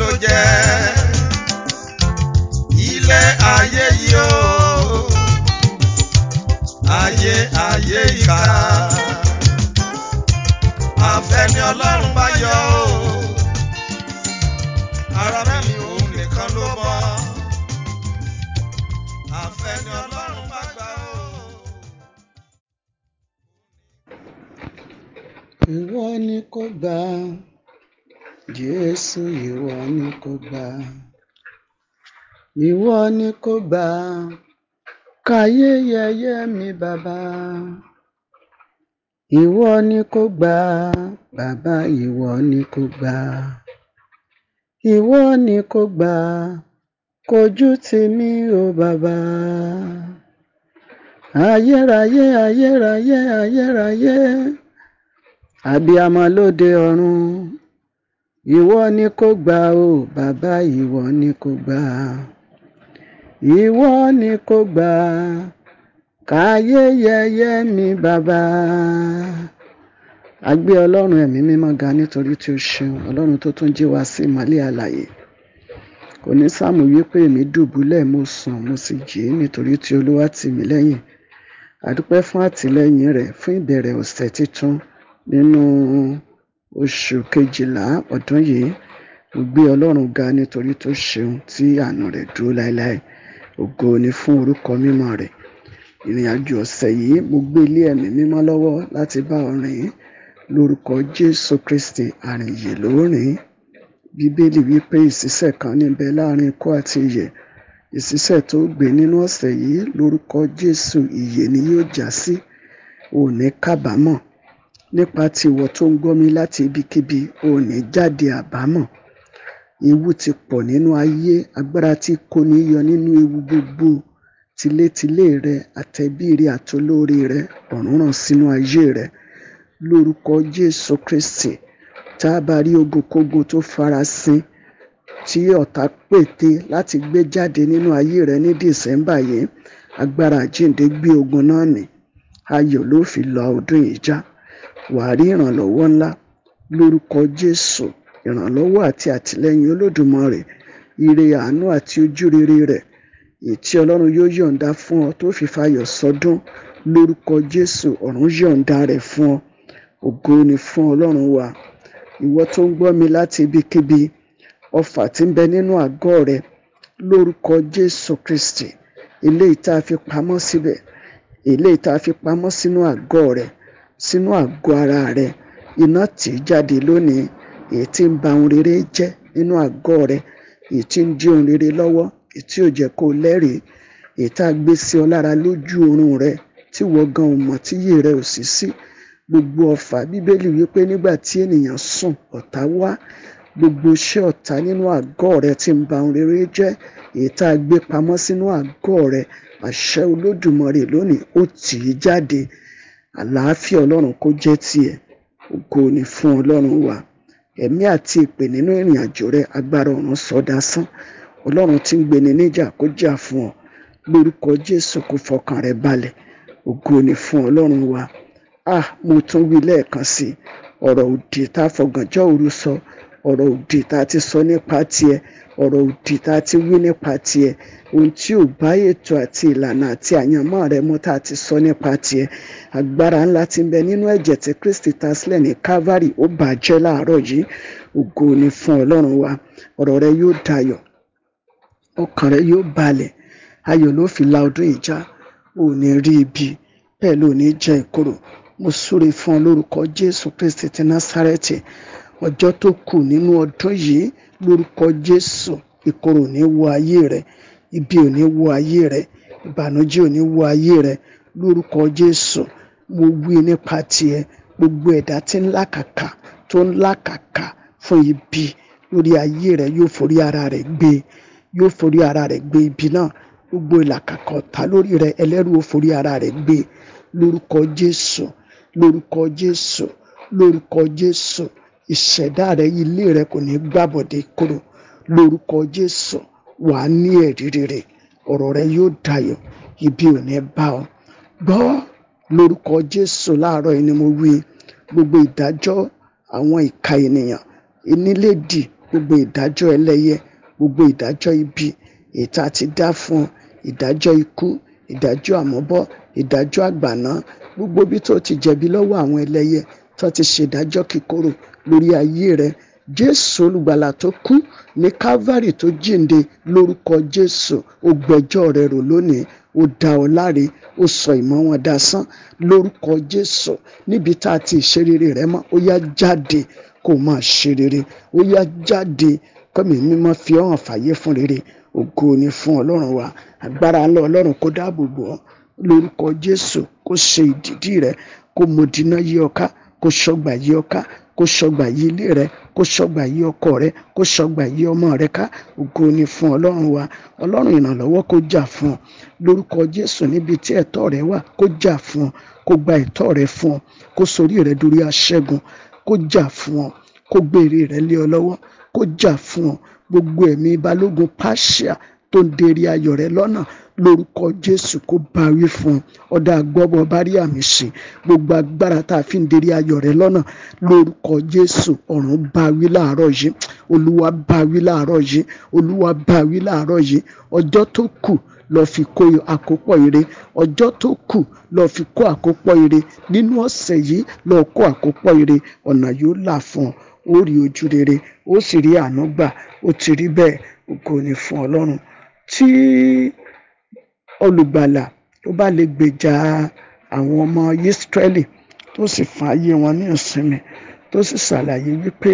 ló jẹ́ ilé ayé yìí o ayé ayé ìka àfẹ́ni ọlọ́run bá yọ o ara mẹ́mi òun nìkan ló bọ́ àfẹ́ni ọlọ́run bá gbà o. ìwọ ni kò gbà Jésù ìwọ ni kò gbà, ìwọ ni kò gbà, káyé yẹyẹ mi bàbá. Ìwọ ni kò gbà, bàbá ìwọ ni kò gbà. Ìwọ ni kò gbà, kojú tèmi o bàbá. Ayérayé, ayérayé, ayérayé, abiyamọ lóde ọ̀run ìwọ ni kó gbà o bàbá ìwọ ni kó gbà ìwọ ni kó gbà káyé yẹyẹ mi bàbá àgbẹ̀ ọlọ́run ẹ̀mí mímọ́ ga nítorí tí o ṣeun ọlọ́run tó tún jí wa sí ìmọ́lẹ̀ àlàyé kò ní sáàmù wípé èmi dùbúlẹ̀ mo sùn mo sì jí nítorí tí olúwa tì mí lẹ́yìn àdúpẹ́ fún àtìlẹ́yìn rẹ̀ fún ìbẹ̀rẹ̀ ọ̀sẹ̀ tuntun nínú oṣù kejìlá ọdún yìí mo gbé ọlọ́run ga nítorí tó ṣeun tí àánú rẹ̀ dúró láéláé ògo ni fún orúkọ mímọ́ rẹ̀ ìrìn ọ̀sẹ̀ yìí mo gbé ilé ẹ̀mí mímọ́ lọ́wọ́ láti bá ọ rìn lórúkọ jésù kristi àrìnyè ló rìn bíbélì wípé ìṣísẹ̀ kan níbẹ̀ láàrin ikú àti ìyè ìṣísẹ̀ tó gbé nínú ọ̀sẹ̀ yìí lórúkọ jésù ìyè ni yóò já sí ò kábàámọ̀ Nípa ti ìwọ tó ńgbọ́mi láti ibikíbi, o ò ní jáde àbámọ̀. Ewu ti pọ̀ nínú ayé, agbára tí kóni yọ nínú ewu gbogbo tilétilé rẹ, àtẹ̀bí rẹ àtolórí rẹ, ọ̀run ràn sínú ayé rẹ. Lórúkọ Jésù Kristì, táá bá rí ogunkógun tó farasin tí ọ̀tá pète láti gbé jáde nínú ayé rẹ ní December yìí, agbára àjíǹde gbé ogun náà mì. Ayọ̀ ló fi la ọdún yìí já. Wàá rí ìrànlọ́wọ́ ńlá lórúkọ Jésù, ìrànlọ́wọ́ àti àtìlẹ́yìn Olódùmarè, ire àánú àti ojúrere rẹ̀ èyití Ọlọ́run yóò yọ̀ǹda fún ọ tó fi fayọ̀ ṣọdún lórúkọ Jésù, ọ̀run yọ̀ǹda rẹ̀ fún ọ. Ògo ni fún Ọlọ́run wa. Ìwọ tó ń gbọ́ mi láti ibikíbi, ọfà tí ń bẹ nínú àgọ́ rẹ lórúkọ Jésù Kristì, eléyìí tá a fi pamọ́ síbẹ̀, eléyìí tá a fi pamọ́ sínú àgọ́ rẹ sínú àgọ́ ara rẹ iná tì í jáde lónìí èyí tí ń ba ohun rere jẹ́ nínú àgọ́ rẹ èyí tí ń dí ohun rere lọ́wọ́ èyí tí ò jẹ́ kó lẹ́rìí èyí tá a gbé sí ọ lára lójú oorun rẹ tí wọ́n gan ò mọ̀ tí yìí rẹ ò sí sí gbogbo ọfà bíbélì wípé nígbà tí ènìyàn sùn ọ̀tá wá gbogbo iṣẹ́ ọ̀tá nínú àgọ́ rẹ tí ń ba ohun rere jẹ́ èyí tá a gbé pamọ́ sínú àgọ́ rẹ àṣẹ olódùmarè lónìí ó tì í jáde àlàáfíà ọlọ́run kó jẹ́ tiẹ̀ ògo ni fún ọlọ́run wa ẹ̀mí àti ìpè nínú ìrìn àjò rẹ agbára ọ̀run sọdásán ọlọ́run tí ń gbeni níjà kó jà fún ọ lórúkọ jésù kó fọkàn rẹ balẹ̀ ògo ni fún ọlọ́run wa ah mo tún wí lẹ́ẹ̀kan sí ọ̀rọ̀ òdì tá a òru sọ ọ̀rọ̀ òdì tá a ti sọ nípa tiẹ̀ ọ̀rọ̀ òdì tá a ti wí nípa tiẹ̀ ohun tí ò bá ètò àti ìlànà àti àyànmọ́ rẹ mú tá a ti sọ nípa tiẹ̀ agbára ńlá ti ń bẹ nínú ẹ̀jẹ̀ tí Kristi ta sílẹ̀ ní Calvary ó bàjẹ́ láàárọ̀ yìí ògo ni fún Ọlọ́run wa ọ̀rọ̀ rẹ yóò dayọ̀ ọkàn rẹ yóò balẹ̀ ayọ̀ ló fi la ọdún ìjà ò ní rí ibi bẹ́ẹ̀ ló ní jẹ ìkorò mo súre fún ọ lórúkọ Jésù Kristi ti Násárẹ́tì ọjọ́ tó kù nínú ọdún yìí lórúkọ Jésù ìkorò ò ní wọ ayé rẹ ibi ò ní wọ ayé rẹ ìbànújẹ́ ò ní wọ ayé rẹ lórúkọ Jésù mo wí nípa tiẹ̀ gbogbo ẹ̀dá tí ń làkàkà tó ń làkàkà fún ibi lórí ayé rẹ yóò forí ara rẹ gbé yóò forí ara rẹ gbé ibi náà gbogbo ìlàkàkà ọ̀tá lórí rẹ ẹlẹ́rù ó forí ara rẹ gbé lórúkọ Jésù lórúkọ Jésù lórúkọ Jésù ìṣẹ̀dá rẹ ilé rẹ kò ní gbàbọ̀dé kúrò lórúkọ Jésù wà á ní ẹ̀rí rere ọ̀rọ̀ rẹ yóò dayọ̀ ibi ò ní bá ọ gbọ́ lórúkọ Jésù láàárọ̀ yìí ni mo wí gbogbo ìdájọ́ àwọn ìka ènìyàn enílédì gbogbo ìdájọ́ ẹlẹ́yẹ gbogbo ìdájọ́ ibi ìta ti dá fún ìdájọ́ ikú ìdájọ́ àmọ́bọ́ ìdájọ́ àgbàná gbogbo bí tó ti jẹ̀bi lọ́wọ́ àwọn ẹlẹ́yẹ tó ti ṣèdájọ́ kíkorò lórí ayé rẹ jésù olùgbàlà tó kú ní calvary tó jíǹde lórúkọ jésù ó gbẹ̀jọ́ rẹ rò lónìí ó dá ọ láre ó sọ ìmọ̀ wọn dasán lórúkọ jésù níbi tá a ti ìṣerere rẹ mọ́ ó yá jáde kó máa ṣe rere ó yá jáde kọ́mi mímọ́ fi ọ́ fàyè fún rere ògo ni fún ọlọ́run wa agbára ńlá ọlọ́run kó dáàbò bò ọ́ lórúkọ jésù kó ṣe ìdìdí rẹ kó mọ̀dínà yí ọ ká kó ṣọgbà yí ọ ká kó ṣọgbà yí ilé rẹ kó ṣọgbà yí ọkọ rẹ kó ṣọgbà yí ọmọ rẹ ká ògo ni fún ọlọ́run wa ọlọ́run ìrànlọ́wọ́ kó jà fún ọ lórúkọ jésù níbi tí ẹ̀tọ́ rẹ wà kó jà fún ọ kó gba ẹ̀tọ́ rẹ fún ọ kó sorí rẹ dorí aṣẹ́gun kó jà fún ọ kó gbé rẹ lé ọ lọ́wọ́ kó jà fún ọ gbogbo ẹ̀mí balógun pàṣẹ tó ń dèrè ayọ̀ rẹ lọ́nà lórúkọ jésù kó bá wí fún ọ ọdà gbọbọ bá rí àmì ṣe gbogbo agbára tá a fi ń dèrè ayọ̀ rẹ lọ́nà lórúkọ jésù ọ̀run bá wí láàárọ̀ yìí olúwa bá wí láàárọ̀ yìí olúwa bá wí láàárọ̀ yìí ọjọ́ tó kù lọ fi kó àkópọ̀ ire ọjọ́ tó kù lọ fi kó àkópọ̀ ire nínú ọ̀sẹ̀ yìí lọ kó àkópọ̀ ire ọ̀nà yóò là fún ó rí ojú rere ó sì rí àánú gbà ó ti rí bẹ́ẹ̀ ògo ni fún ọlọ́run tí olùgbàlà tó bá lè gbèjà àwọn ọmọ Ísírẹ́lì tó sì fún ayé wọn ní ìsinmi tó sì ṣàlàyé wípé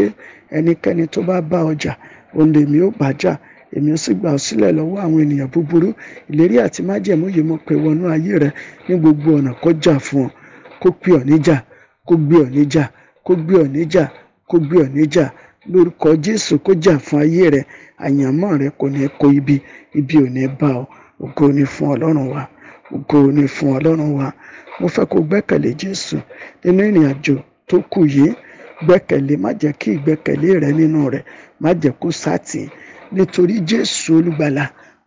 ẹnikẹ́ni tó bá bá ọjà òun lèmi ó bàjà èmi ó sì gbà ọ́ sílẹ̀ lọ́wọ́ àwọn ènìyàn búburú ìlérí àti májẹ̀mú yìí mo pè wọnú ayé rẹ ní gbogbo ọ̀nà kó jà fún ọ kó pè ọ́ níjà kó gbé ọ níjà kó gbé ọ níjà kó gbé ọ níjà lórúkọ Jésù kó jà fún ayé rẹ àyànmọ́ rẹ kò ní kó ibi ibi ò ní bá ọ ògo ni fún Ọlọ́run wa ògo ni fún Ọlọ́run wa mo fẹ́ kó gbẹ́kẹ̀lé Jésù nínú ìrìn àjò tó kù yìí gbẹ́kẹ̀lé má jẹ́ kí ìgbẹ́kẹ̀lé rẹ nínú rẹ má jẹ́ kó sátì nítorí Jésù olùgbàlà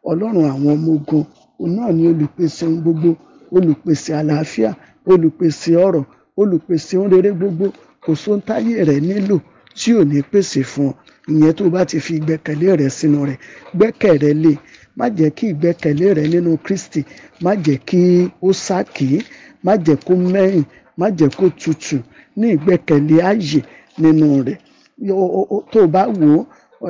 Ọlọ́run àwọn ọmọ ogun òun ni olùpèsè ohun gbogbo olùpèsè àlàáfíà olùpèsè ọrọ̀ olùpèsè ohun rere gbogbo kò sóhun táyé rẹ nílò tí ò ní pèsè fún ọ ìyẹn tó bá ti fi ìgbẹ́kẹ̀lé rẹ sínú rẹ gbẹ́kẹ̀ rẹ má jẹ́ kí ìgbẹ́kẹ̀lé rẹ nínú Kristi má jẹ́ kí ó sákì má jẹ́ kó mẹ́yìn má jẹ́ kó tutù ní ìgbẹ́kẹ̀lé ààyè nínú rẹ tó o bá wò ó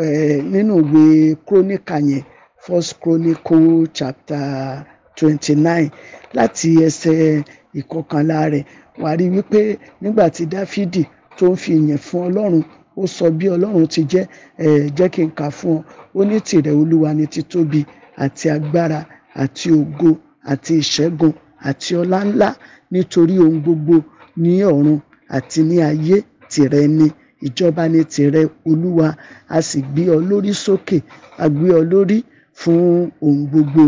nínú ìwé króníkà yẹn First Chronicle chapter twenty nine láti ẹsẹ̀ ìkọkànlá rẹ̀ wàá rí wípé nígbà tí Dáfídì tó ń fi ìyìn fún Ọlọ́run ó sọ bí Ọlọ́run ti jẹ́ ẹ jẹ́ kí n kà fún ọ ó ní tìrẹ Olúwa ni títóbi àti agbára àti ògo àti ìṣẹ́gun àti ọlá ńlá nítorí ohun gbogbo ní ọ̀run àti ní ayé tìrẹ ni ìjọba ni tìrẹ Olúwa a sì gbé ọ lórí sókè a gbé ọ lórí fún ohun gbogbo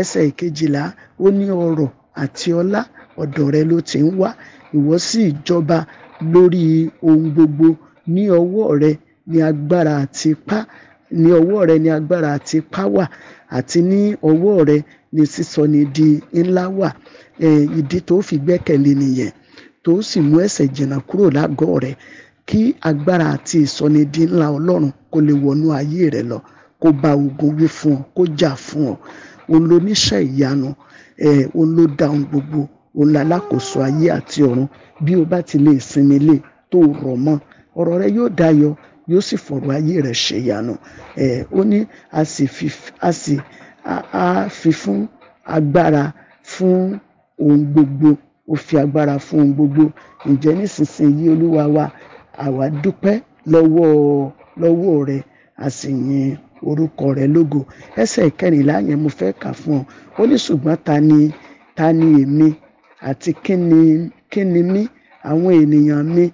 ẹsẹ̀ ìkejìlá ó ní ọrọ̀ àti ọlá ọ̀dọ̀ rẹ ló ti ń wá ìwọ sì ìjọba lórí ohun gbogbo. Ní ọwọ́ rẹ ni agbára àti ipá ní ọwọ́ rẹ ni agbára àti ipá wà àti ní ọwọ́ rẹ ni sísọni di ńlá wà. um Ìdí tóò fi gbẹ́kẹ̀lé e nìyẹn, tóò sì mú ẹ̀ṣẹ̀ jìnnà kúrò lágọ̀ọ́ rẹ kí agbára àti ìsọnidí ńlá Ọlọ́run kó leè wọnú ayé rẹ lọ, kó bá ogun wí fún ọ, kó jà fún ọ. Òun loníṣẹ́ ìyanu òun ló dá ohun gbogbo òun lalákòóso ayé àti ọ̀run bí o bá ti lè sinmi lé tó rọ̀ mọ́ ọ̀rọ̀ rẹ yóò dayọ̀ yóò sì fọ̀rọ̀ ayé rẹ ṣe ìyanu ẹ̀ ó ní a sì fi a sì a fi fún agbára fún ohun gbogbo ó fi agbára fún ohun gbogbo ǹjẹ́ nísinsìnyí olúwa wa àwa dúpẹ́ lọ́wọ́ lọ́wọ́ rẹ a sì yin orúkọ rẹ lógo ẹsẹ̀ ìkẹrìnlá yẹn mo fẹ́ kà fún ọ ó ní ṣùgbọ́n ta ni ta ni èmi àti kíni kíni mí àwọn ènìyàn mi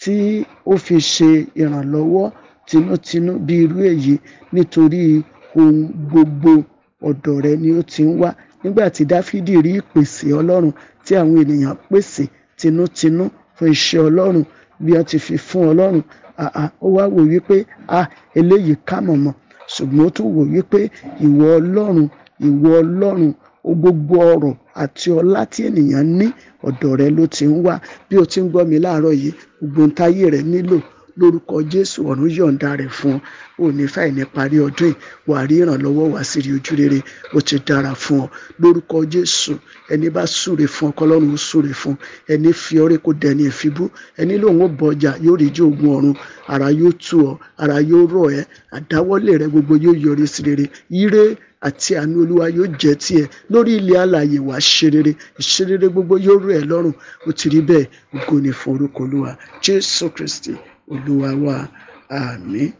tí ó fi ṣe ìrànlọ́wọ́ tinútinú bí irú èyí nítorí ohun gbogbo ọ̀dọ̀ rẹ ni ó ti ń wá nígbà tí dáfídì rí ìpèsè ọlọ́run tí àwọn ènìyàn pèsè tinútinú fún iṣẹ́ ọlọ́run bí wọ́n ti fi fún ọlọ́run ó wá wò wípé a eléyìí ká mọ̀mọ́ ṣùgbọ́n ó tún wò wípé ìwọ ọlọ́run ìwọ ọlọ́run gbogbo ọrọ̀ àti ọlá tí ènìyàn ní ọ̀dọ̀ rẹ̀ ló ti ńwá. Bí o ti ńgbọ́ mi láàárọ̀ yìí, gbogbo ohun rẹ nílò lórúkọ jésù ọ̀run yọ̀ǹda rẹ̀ fún ọ òní fàìní parí ọdún yìí wà á rí ìrànlọ́wọ́ wà sí rí ojú rere ó ti dára fún ọ lórúkọ jésù ẹni bá súre fún ọ kọlọ́run ó súre fún ẹni fi ọrẹ kó dẹni ìfibú ẹni lòun ó bọjà yóò rí ijó ogun ọ̀run ara yóò tù ọ ara yóò rọ̀ ẹ́ àdáwọ́lé rẹ gbogbo yóò yọrí sí rere ire àti àánú olúwa yóò jẹ́ tiẹ̀ lórí ilẹ̀ alààyè wà ṣerere ìṣerere gbogbo yóò rọ̀ ẹ́ lọ́rùn ó ti rí bẹ́ẹ̀ ògo ni fún orúkọ olúwa jésù kristi olúwa wa àmín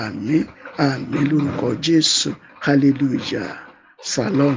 àmín àmín lórúkọ jésù hallelujah salom.